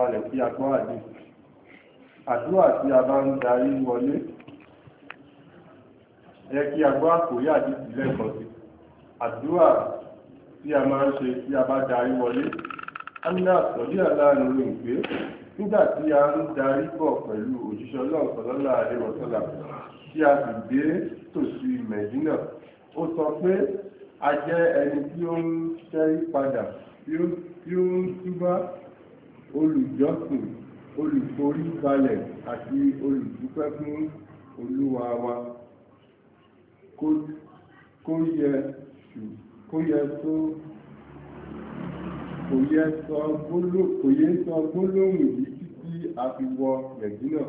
balẹ̀ kí a gbọ́ àdé àdúrà tí a bá ń darí wọlé ẹ kí a gbọ́ àkórí àdìsí lẹ́ẹ̀kan sí àdúrà tí a máa ń ṣe tí a bá darí wọlé amina sọ̀dí àláàrin ròyìn pé nígbà tí a ń darí bọ̀ pẹ̀lú òjíṣẹ́ ọlọ́run sọ̀lọ́lá àdéwọ̀sọ́là tí a sì dé tòsí mẹ̀dínà ó sọ pé a jẹ́ ẹni tí ó ń tẹ́rí padà tí ó ń túbá olùjọ́sìn olùforíkalẹ̀ àti olùdúpẹ́ fún olúwa wa kó yẹ sọ gbólóhùn yìí títí a fi wọ mẹ̀dínà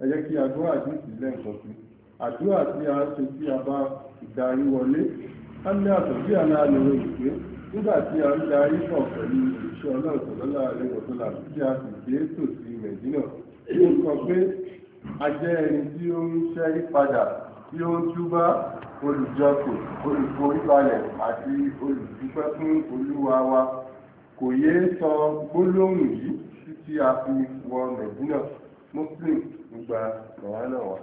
ẹ jẹ́ kí àdúrà àti ìsìlẹ̀ nǹkan sí àdúrà tí a ṣe tí a bá ìdarí wọlé ká ní àtọ̀jú àná àlèrè ìpín nígbà tí a ń darí náà pẹ̀lú iṣẹ́ ọlọ́ọ̀tọ̀lọ́lá àríwọ̀tọ́lá tí a sì dé tòsí mẹ̀dínà ó sọ pé a jẹ́ ẹni tí ó ń ṣẹ́rí padà tí ó ń túbá olùjọkò olùforíbalẹ̀ àti olùdúpẹ́ fún olúwa wa kò yéé sọ gbólóhùn yìí títí a fi wọ mẹ̀dínà muslim gba rọ̀wánà wa.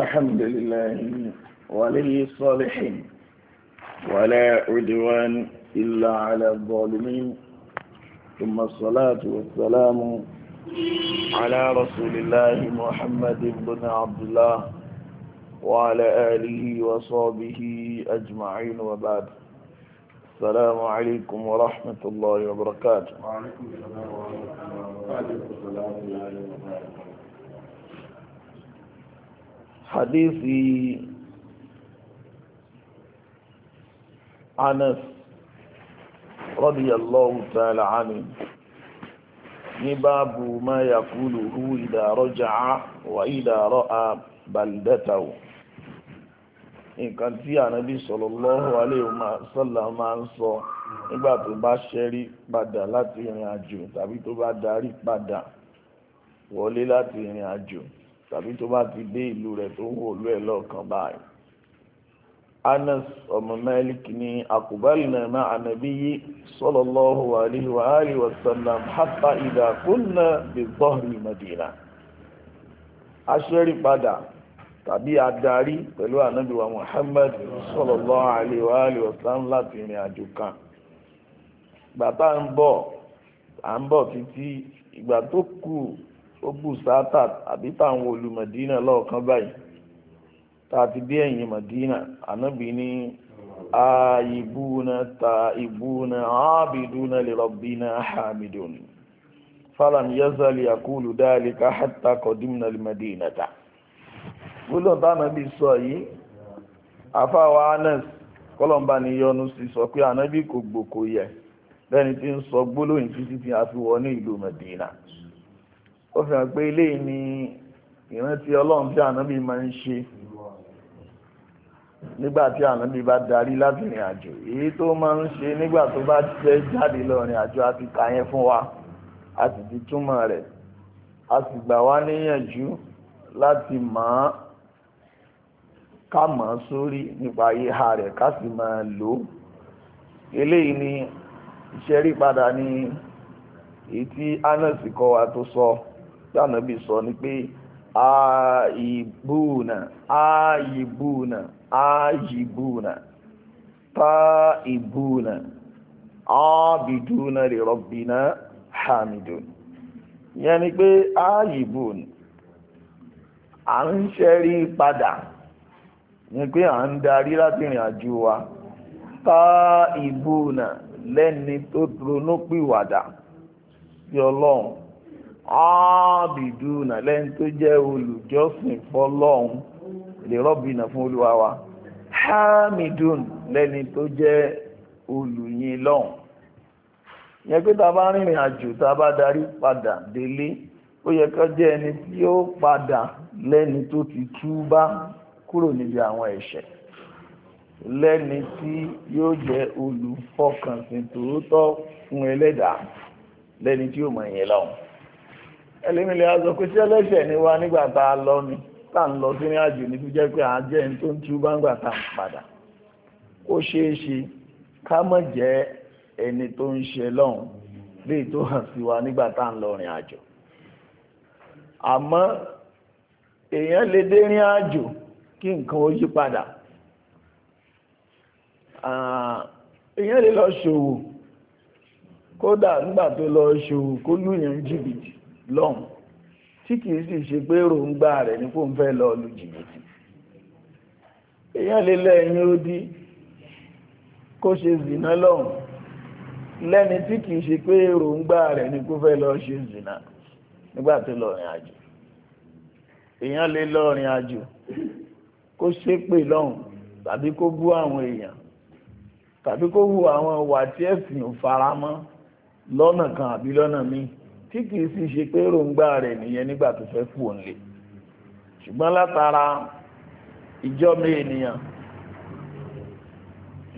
alhamdulilayi wàlẹ́yìn sọ́lẹ́hìn. ولا عدوان إلا على الظالمين ثم الصلاة والسلام على رسول الله محمد بن عبد الله وعلى آله وصحبه أجمعين وبعد السلام عليكم ورحمة الله وبركاته وعليكم السلام ورحمة الله وبركاته حديثي Anas radiyallahu ta'ala anhu ní báàbù ma yaquluhu idha raja'a wa idha ra'a baldatahu nǹkan tí ànábì sallallahu alaihi wasallam máa ń sọ nígbà tó bá ṣẹ́rí padà láti ìrìn àjò tàbí tó bá darí padà wọlé láti ìrìn àjò tàbí tó ti dé ìlú rẹ̀ tó ń wò lú ẹ̀ lọ́ọ̀kan báyìí anas ọmọ malik ni akubalina máa ànàbíyí sọ́lọ́lọ́hù àríwáàrí wasallam hatta ìdá kúnnà bí zọ́hìrì madina aṣẹ́rí padà tàbí adarí pẹ̀lú ànábíwa muhammad sọ́lọ́lọ́hù àríwáàrí wasallam láti ìrìn àjò kan bàbá ń bọ̀ à ń bọ̀ títí ìgbà tó kù ó bù sátà àbí táwọn olùmọ̀dínà lọ́ọ̀kan báyìí tààtì dé ẹ̀yìn Madina ànábì ní ààyìbúna tààìbúna ààbìdúna li rabbina hamidun falam yazal yakulu dhalika hatta qadimna al-madinata gbólóhùn tánàbì sọ yìí àfáwà Anas kọlọ̀mbà ni yọnu sí sọ pé ànábì kò gbòkò yẹ lẹ́ni tí ń sọ gbólóhùn títí tí a fi wọ ní ìlú Madina ó fi hàn pé eléyìí ni ìrántí Ọlọ́run tí ànábì máa ń ṣe nígbà tí ànábì bá darí láti rìn àjò èyí tó máa ń ṣe nígbà tó bá jẹ́ jáde lọ rìn àjò a ti kà yẹn fún wa a sì ti túmọ̀ rẹ̀ a sì gbà wá níyànjú láti mọ̀ ká mọ̀ ọ́n sórí nípa ìhà rẹ̀ ká sì máa lò ó eléyìí ni ìṣẹ́rí padà ní èyí tí Anas kọ́ wa tó sọ tí ànábì sọ ni pé. aibuna aibuna ajibuna taibuna abiduna li rabbina hamidun yani pé aibun a ń ṣẹ́rí padà ni pé à ń darí láti rìn àjò wa taibuna lẹ́ni tó ronú pìwàdà sí Ọlọ́run ábìdúnà lẹ́ni tó jẹ́ olùjọ́sìn fọ́lọ́hun lè rọ́bìnà fún olúwa wa hamidun lẹ́ni tó jẹ́ olùyìn lọ́hun yẹn pé ta bá rìnrìn àjò ta bá darí padà délé ó yẹ kọ́ jẹ́ ẹni tí ó padà lẹ́ni tó ti túbá kúrò níbi àwọn ẹ̀ṣẹ̀ lẹ́ni tí yóò jẹ́ olùfọkànsìn tòótọ́ fún ẹlẹ́dàá lẹ́ni tí ó mọ̀ ìyẹn lọ́hùn ẹlẹ́mìlẹ̀ azọ pé sí ẹlẹ́ṣẹ̀ ni wá nígbà tá a lọ ni tá à ń lọ sí ní àjò ní jẹ́ pé à ń jẹ́ ẹni tó ń tú bá ń gbà tá à ń padà ó ṣeé ṣe ká mọ̀ jẹ́ ẹni tó ń ṣe lọ́hùn léyìí tó hàn sí wa nígbà tá à ń lọ rìn àjò àmọ́ èèyàn lè dé rìn àjò kí nǹkan ó yí padà èèyàn lè lọ ṣòwò kódà nígbà tó lọ ṣòwò kó lùyàn jìbìtì lọ́hùn tí kìí sì ṣe pé èrò rẹ̀ ní fẹ́ lọ jìbìtì ó dí kó ṣe zìnà lẹ́ni pé rẹ̀ ní kó fẹ́ lọ ṣe zìnà nígbà tó àjò èèyàn àjò kó tàbí kó bú àwọn èèyàn tàbí kó hu àwọn ìwà tí ẹ̀sìn ò mọ́ lọ́nà kan àbí tí kìí sì ṣe pé ròǹgbà rẹ̀ nìyẹn nígbà tó fẹ́ kú òǹlé ṣùgbọ́n látara ìjọ́mi ènìyàn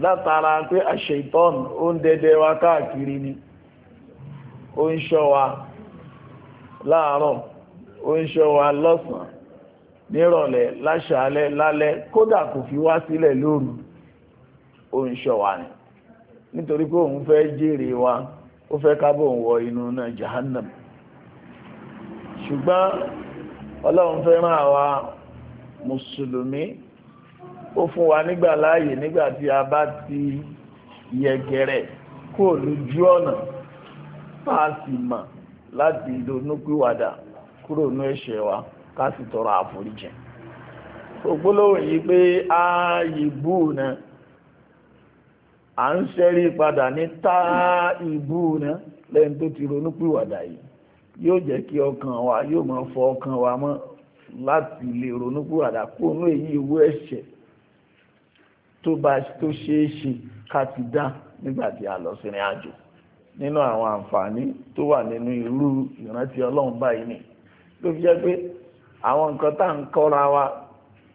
látara pé àṣetọ́n ó ń dẹdẹ wa káàkiri ni ó ń ṣọ́ wa láàárọ̀ ó ń ṣọ́ wa lọ́sàn-án nírọ̀lẹ́ láṣàálẹ́ lálẹ́ kódà kò fi wá sílẹ̀ lóru ó ń ṣọ́ wa ni nítorí pé òun fẹ́ jèrè wa. ó fẹ́ kábọ̀ wọ inú náà jahannam ṣùgbọ́n ọlọ́run fẹ́ràn àwa mùsùlùmí ó fún wa nígbà láàyè nígbà tí a bá ti yẹgẹrẹ kó lójú ọ̀nà tá a sì mọ̀ láti ìdónúpìwàdà kúrò ní ẹ̀ṣẹ̀ wa ká sì tọrọ àforíjì ògbólóhùn yìí pé ààyè búù náà à ń ṣẹ́rí padà ní táà ìbú ná lẹ́yìn tó ti ronúpìwàdà yìí yóò jẹ́ kí ọkàn wa yóò máa fọ ọkàn wa mọ́ láti lè ronúpìwàdà kónú èyí owó ẹ̀ṣẹ̀ tó bá tó ṣeé ṣe ká ti dá nígbà tí a lọ sínú àjò nínú àwọn àǹfààní tó wà nínú irú ìrántí ọlọ́run báyìí ni ló fi jẹ́ pé àwọn nǹkan tá à ń kọ́ra wa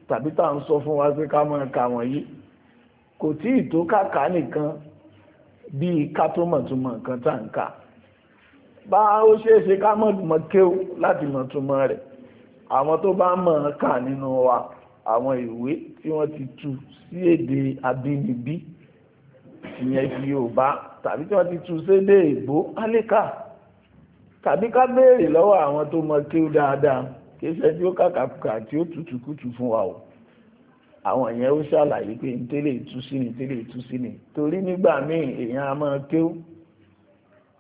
tàbí tá à ń sọ fún wa pé ká máa kà wọ̀nyí kò tí ì tó kàkà nìkan bíi ká tó mọ̀túnmọ̀ nǹkan tá ń kà bá ó ṣeé ṣe ká mọ̀túnmọ̀ kéwú láti mọ̀túnmọ̀ rẹ̀ àwọn tó bá mọ̀ ọ́n kà nínú wa àwọn ìwé tí wọ́n ti tu sí èdè abínibí ìyẹn fi Yorùbá tàbí tí wọ́n ti tu sédè Ìgbò álékà tàbí ká béèrè lọ́wọ́ àwọn tó mọ̀ kéwú dáadáa kí ṣe tí ó kàkà tí ó tutù kùtù fún wa o àwọn yẹn ó ṣàlàyé pé ntẹ́lẹ̀ ìtúsí ni ntẹ́lẹ̀ ìtúsí ni torí nígbà míì èèyàn á máa kéwú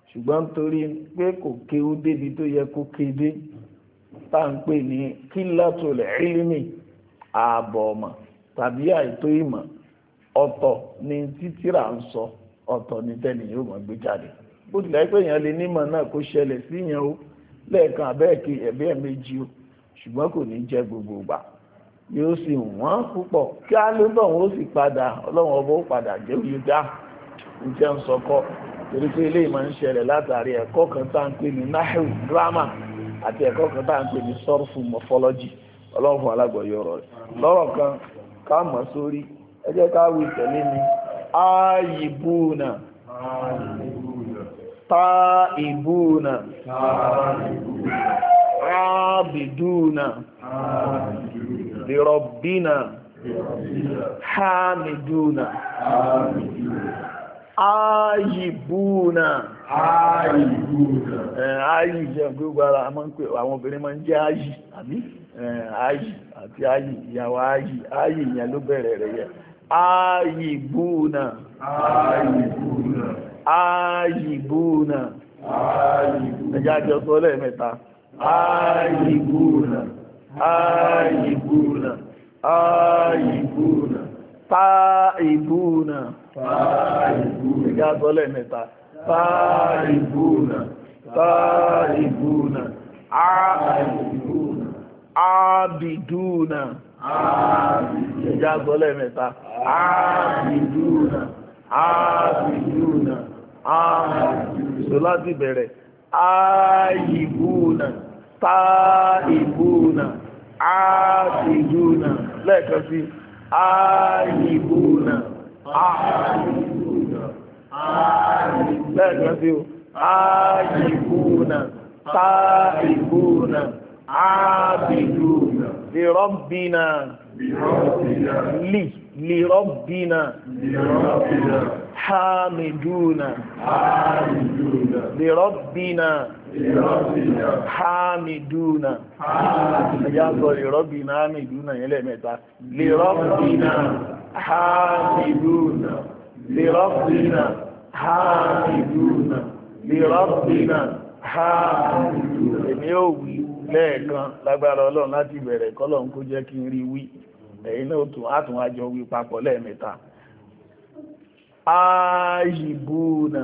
ṣùgbọ́n torí pé kò kéwú débi tó yẹ kó kéde tá à ń pè ní kílátòl ìlímì ààbọ̀ ọ̀mọ̀ tàbí àìtó ìmọ̀ ọ̀tọ̀ ni títíra ń sọ ọ̀tọ̀ ni tẹ́ni yóò mọ̀ gbé jáde bó tilẹ̀ pé èèyàn lè nímọ̀ náà kó ṣẹlẹ̀ síyàn o lẹ́ẹ̀kan àbẹ́ẹ̀kì ẹ̀bí ẹ̀ yóò sì wọ́n púpọ̀ kí á ló o si sì padà ọlọ́run ọba ó padà jẹ́ òye dá ń sọkọ́ torí pé ilé ìmọ̀ ń ṣẹlẹ̀ látàrí ẹ̀kọ́ kan tá à ń pè ní nahu grammar àti ẹ̀kọ́ kan tá à ń pè ní sọ́rfù ọlọ́run alágbọ̀yọ̀ lọ́rọ̀ kan ayibuna abiduna. bí rọ̀bínà hamiduna ayibuna ayi jẹ́ gbogbo ara máa ń pè àwọn obìnrin máa ń jẹ́ ayi àbí ayi àti ayi ìyàwó ayi ayi ìyàn ló bẹ̀rẹ̀ rẹ̀ yẹ ayibuna ayibuna ayibuna ẹjá jọ sọ lẹ́ẹ̀mẹ́ta ayibuna ààyìbùnà ààyìbùnà táàìbùnà táàìbùnà ìgbàgbọ́lẹ̀ mẹ́ta táàìbùnà táàìbùnà ààbìdùnà ààbìdùnà ìgbàgbọ́lẹ̀ mẹ́ta ààbìdùnà ààbìdùnà ààbìdùnà láti bẹ̀rẹ̀ ààyìbùnà táàìbùnà ààbìdúnà lẹ́ẹ̀kan sí ààyìbúnà ààbìdúnà lẹ́ẹ̀kan sí ààyìbúnà tààbìdúnà ààbìdúnà lèrọ́bìnà lì lèrọ́bìnà hàmìdúnà lèrọ́bìnà Hamiduna. Ẹjá sọ ìrọ́bìnà Hamiduna yẹn lẹ́ẹ̀mẹ́ta. Lèrọ́bìnà Hamiduna. Lèrọ́bìnà Hamiduna. Lèrọ́bìnà Hamiduna. Èmi ó wí lẹ́ẹ̀kan lágbára ọlọ́run láti bẹ̀rẹ̀ kọ́lọ̀n kó jẹ́ kí n rí wí. Ẹ̀yin náà tún átùn àjọ wí papọ̀ lẹ́ẹ̀mẹ́ta. Ayibuna,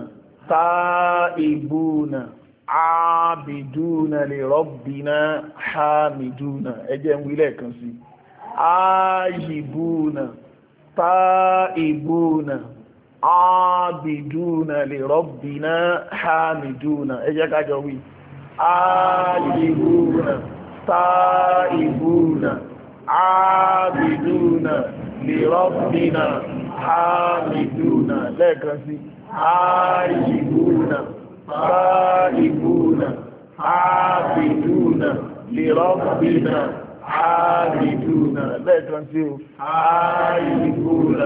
Taibuna. àbìdúnà lè rọ́bìnà hàmìdúnà ẹjẹ́ ń wílẹ̀ kan sí ààyìbúnà táìbúnà àbìdúnà lè rọ́bìnà hàmìdúnà ẹjẹ́ kájọ wí ààyìbúnà táìbúnà àbìdúnà lè rọ́bìnà hàmìdúnà lẹ́ẹ̀kan sí ààyìbúnà تائبون عابدون لربنا عابدون bẹ́ẹ̀ tí ó عابدون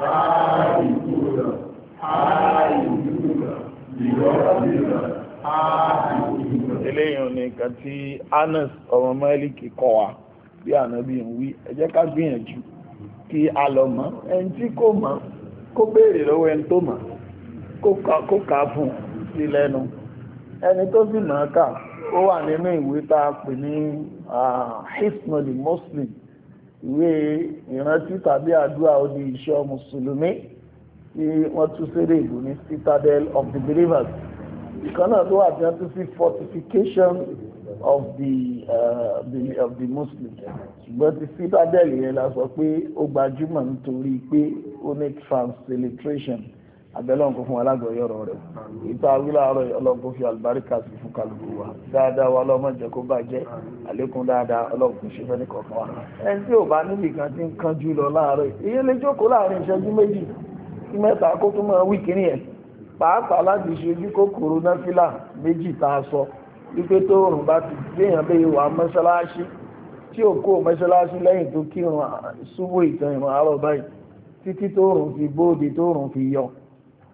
عابدون عابدون لربنا ni kan tí Anas ọmọ Málíkì kọ́ wa bí ànábì ń wí ẹ jẹ́ ká gbìyànjú kí a lọ mọ̀ ẹni tí kò mọ̀ kó béèrè lọ́wọ́ ẹni tó mọ̀ kó kà fún sí lẹ́nu ẹni tó sì mọ̀ ká ó wà nínú ìwé tá a pè ní hisnoli muslim ìwé ìrántí tàbí àdúrà odi ìṣọ́ mùsùlùmí tí wọ́n tún sédè ìlú ní citadel of the believers ìkan náà tó wà tí wọ́n tún sí fortification of the, uh, the of the muslim ṣùgbọ́n ti citadel yẹn la sọ pé ó gbajúmọ̀ nítorí pé ó ní transliteration abẹ́lọ́n kó fún wa lágbọ̀ọ́yọ̀ ọ̀rọ̀ rẹ̀ ìta wíláàárọ̀ ọlọ́run kó fi àlùbáríkà sí fún kálukú wa dáadáa wa ọlọ́mọ jẹ́ kó bàjẹ́ àlékún dáadáa ọlọ́run kó ṣe fẹ́ni kọ̀ọ̀kan wa ẹni tí ò bá níbi kan ti ń kánjú lọ láàárọ̀ ìyẹn lè jókòó láàrin ìṣẹ́jú méjì sí mẹ́ta kó tún mọ́ wí ẹ̀ pàápàá láti ṣojú kòkòrò náfìlà méjì tá a sọ wípé tó òrùn bá ti gbéyàn bẹ́ẹ̀ wà mọ́ṣáláṣí tí ò kó mọ́ṣáláṣí lẹ́yìn tó kírun súbú ìtàn ìrun àárọ̀ báyìí títí tó òrùn fi bóde tó òrùn fi yọ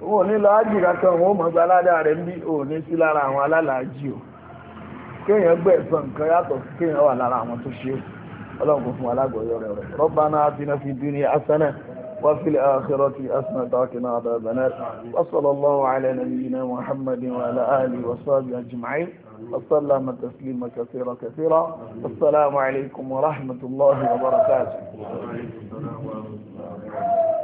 wọn ò ní lọ ájì kankan wọn ò mọ̀ gba aládàá rẹ̀ ń bí ò ní sí lára àwọn alálàájì o kéèyàn gbẹ̀san nǹkan yàtọ̀ kéèyàn wà lára àwọn tó ṣe ọlọ́run fún wa rẹ̀ rẹ̀ Rabbana atina fid dunya hasanah wa fil akhirati hasanah wa qina adhaban nar wa sallallahu ala nabiyyina Muhammadin wa ala alihi wa sahbihi ajma'in وسلم عليكم ورحمة الله وبركاته